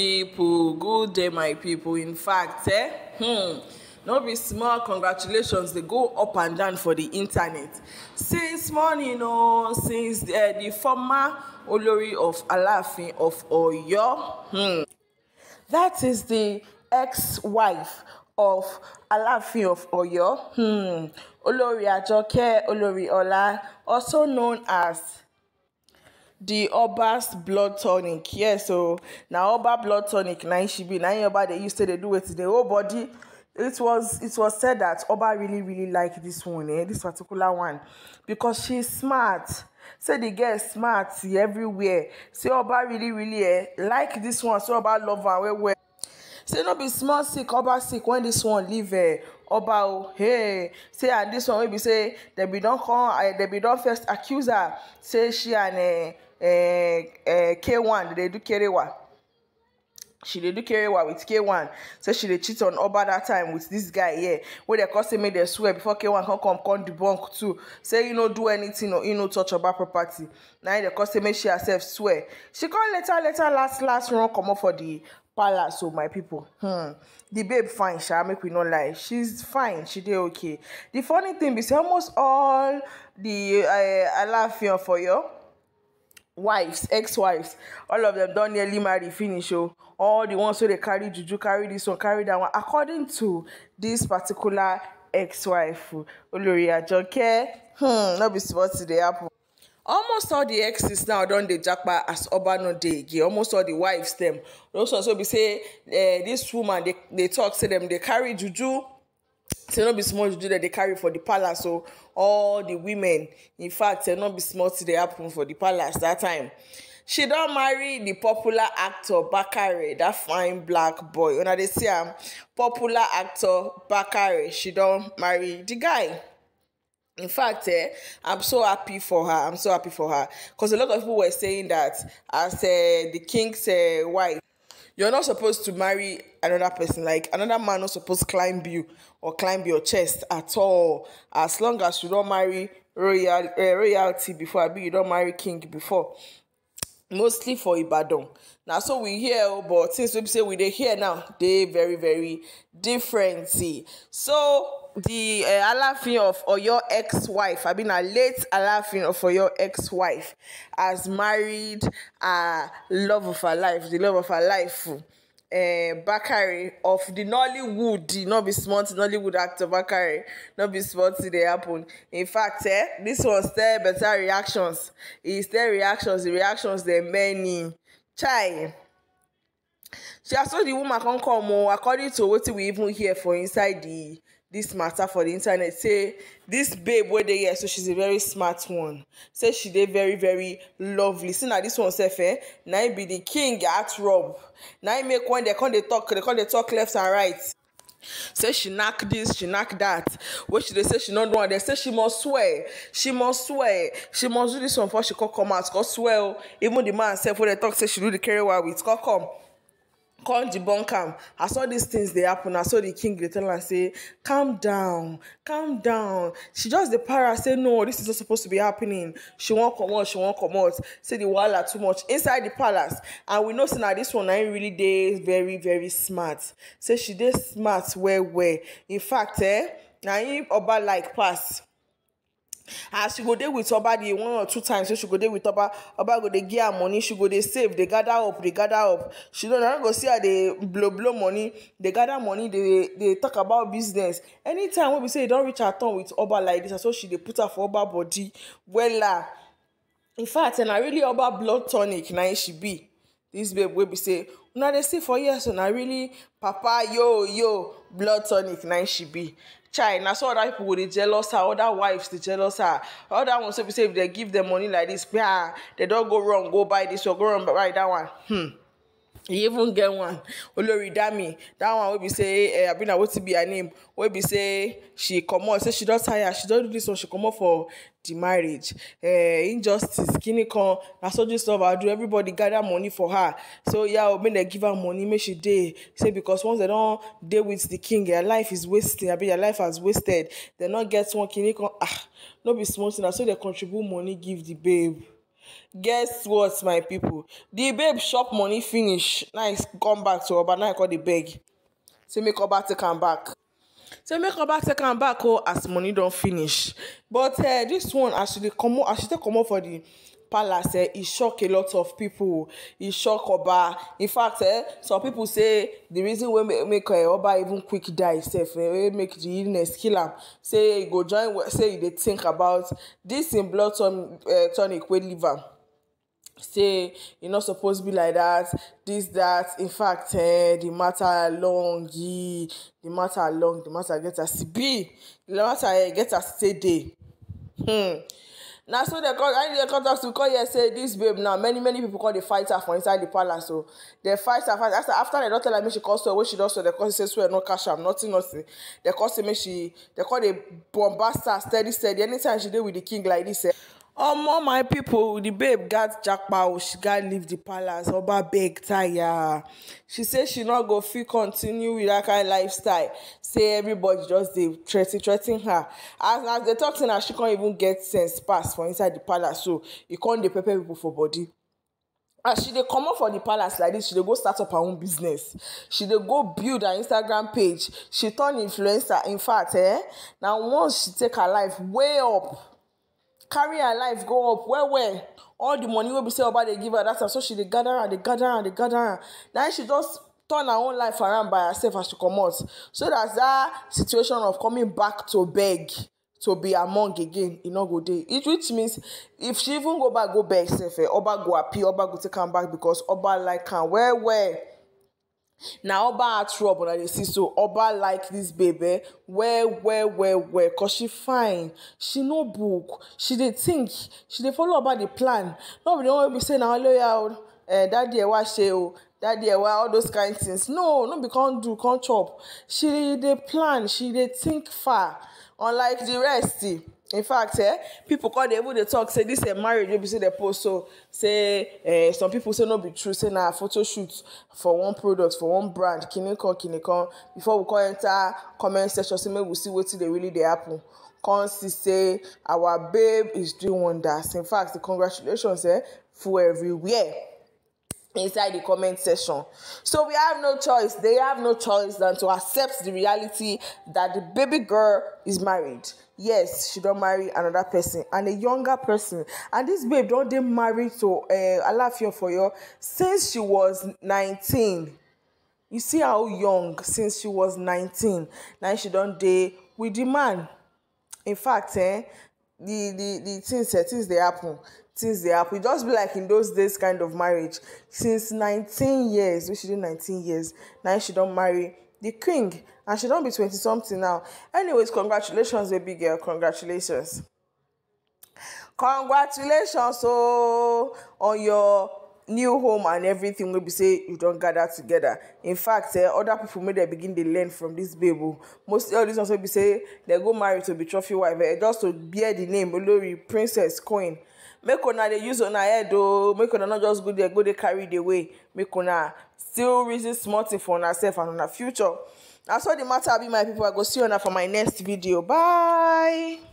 people good day my people in fact eh hmm no be small congratulations dey go up and down for the internet since morning oh, since eh, the former olori of alaafin of oyo hmm that is the ex-wife of alaafin of oyo hmm olori ajoke olori ola also known as the oba's blood tonic yes so Now oba blood tonic na she be Now oba dey use say they do it to the whole body it was it was said that oba really really liked this one eh this particular one because she's smart say the girl smart See everywhere say oba really really eh like this one So oba love am well well say no be small sick oba sick wen dis one leave eh, oba o hey say and dis one wey be say dem be don come eh, dem be don first accuse her say she and eh, k1 dey do kerewa she dey do kerewa with k1 say she dey cheat on oba that time with this guy here wey dem call say make dem swear before k1 come come come debunk too say e no do anything or e no touch oba property na im dem call say make she herself swear she come later later last last run comot for the palace o my people, hmm di babe fine sha make we no lie she's fine she dey okay The funny thing be say almost all the di eh, alaafin for oyo wives ex-wives all of them don nearly marry finish oh. all the ones wey dey carry juju carry this one carry that one according to this particular ex-wife olori ajoke hmm no be small thing dey happen almost all the exes now don dey japa as oba no dey again almost all the wives dem those ones wey be say eh, this woman dey talk say dem dey carry juju say no be small juju dem dey carry for the palace So all the women in fact say no be small thing dey happen for the palace that time she don marry the popular actor bakare that fine black boy una dey see am popular actor bakare she don marry the guy in fact eh, i'm so happy for her i'm so happy for her because a lot of people were saying that as uh, the king's uh, wife you're not supposed to marry another person like another man not supposed to climb you or climb your chest at all as long as you don't marry royal uh, royalty before abi you don't marry king before mostly for ibadan Now, so we hear oh, but since we say we dey hear now they very very different so the uh, eh, Alaafin of Oyo ex-wife, I mean, a late Alaafin of Oyo ex-wife, has married uh, love of her life, the love of her life, uh, Bakare of the Nollywood, the not be smart Nollywood actor Bakari, not be smart they happen. In fact, eh, this one still better reactions. It's e still reactions, the reactions they many. Chai. She also the woman can come according to what we even hear for inside the This matter for the internet say this babe wey dey here so she's a very smart one say she dey very very lovely see na this one sef eh na im be the king at rob. na im make wen dem come dey talk dem come dey talk left and right say she knack this she knack that. wey she dey say she no do one dem say she must swear she must swear she must do this one before she come come out come swear o oh, even the man sef wey dem talk say she do the carry well with come come come debunk am as all these things. dey happen na so the king dey tell am say calm down calm down she just dey para say no this is not supposed to be happening she wan comot she wan comot say di wahala too much inside the palace and we know say na dis one na im really dey very very smart say she dey smart well well in fact eh na im oba like pass as she go dey with oba the one or two times wey she go dey with oba oba go dey give her money she go dey save dey gather up dey gather up she don na go see her dey blow blow money dey gather money dey dey talk about business anytime wey be say e don reach her turn with oba like this na so she dey put her for oba body wella in fact eh, na really oba blood tonic na she be this babe wey be say una dey see for here so na really papa yo yo blood tonic na she be Chai, na so other people go dey jealous her ah, other wives dey jealous her ah. other ones wey be say if dem give dem money like this gbaa ah, dem don go run go buy this or go run buy that one hmm e even get one olori dami That one wey be say eh, abi na wetin be her name wey be say she comot say she don tire she don do this one she comot for the marriage eh, injustice kini kan na so dis love her do everybody gather money for her so ya o oh, make dem give her money make she dey say because once dem don dey with the king her life is wasting abi her life has wasted dem no get one kini kan ah no be small thing na so dem contribute money give the babe guess what my people the babe chop money finish now e come back to oba now e call the beg say make oba take am back say make oba take am back Oh, as money don finish but uh, this one as she dey comot as she take comot for the palace eh, e shock a lot of people e shock oba in fact eh, some people say the reason wey make eh, oba even quick die sef eh, wey make the illness kill am say e go join say e dey think about this im blood ton, uh, eh, tonic wey leave am say e no suppose be like that this that in fact eh, the matter long ee the matter long the matter get as e be the matter eh, get as e take dey. Hmm na so dem come any come talk to come hear say dis babe now many many people come dey fight her for inside the palace o dem fight her fight after after dem don tell her make she come swear wey she don swear dem come say swear no cash am nothing nothing dem come say make she dem come dey bombast her steady steady anytime she dey with the king like this. Eh, omo my people, the babe gat japa o she gat leave the palace oba beg tire she say she no go fit continue with that kind lifestyle say everybody just dey threaten threaten her as as they talk say na she con even get sense pass for inside the palace so e con dey pepper pipo for body as she dey comot for the palace like this, she dey go start up her own business she dey go build her instagram page she turn influencer in fact eh na once she take her life way up carry her life go up well well all the money wey be say oba dey give her that time so she dey gather am dey gather am dey gather am na she just turn her own life around by herself as she comot so that's that situation of coming back to beg to be among again e no go dey it which means if she even go back go beg sef eh oba go happy oba go take am back because oba like am well well na oba atro but i dey see so oba like this babe eh well well well well cause she fine she no book she dey think she dey follow oba the plan no be the one wey be say na only oya o eh, daddy ẹ wá ṣe o daddy ẹ wá all those kind things no no be come do come chop she dey plan she dey think far unlike the rest. Eh in fact eh, people call dey even dey talk say this dis eh, marriage wey be say dem post so say eh, some people say no be true say na photo shoot for one product for one brand kinikan kinikan before we come enter comment section say make we see wetin dey really dey happen come see say our babe is doing wonders in fact the congratulations eh full everywhere. inside the comment section. So we have no choice. They have no choice than to accept the reality that the baby girl is married. Yes, she don't marry another person and a younger person. And this babe don't they marry to uh, here for you since she was 19. You see how young since she was 19. Now she don't date with the man. In fact, eh, the the the things eh things dey happen things dey happen e just be like in those days kind of marriage since nineteen years wey she dey nineteen years na she don marry the king and she don be twenty something now anyways congratulations baby girl congratulations congratulations oh on your new home and everything wey be say you don gather together in fact eh, other people make dem begin dey learn from this babe o oh. mostly all these ones wey be say dem go marry to be trophy wife eh, just to bear the name olori princess queen make una dey use una head o oh. make una no just go there go dey carry the way make una still reason small thing for una sef and una future na so the matter be my people i go see una for my next video bye.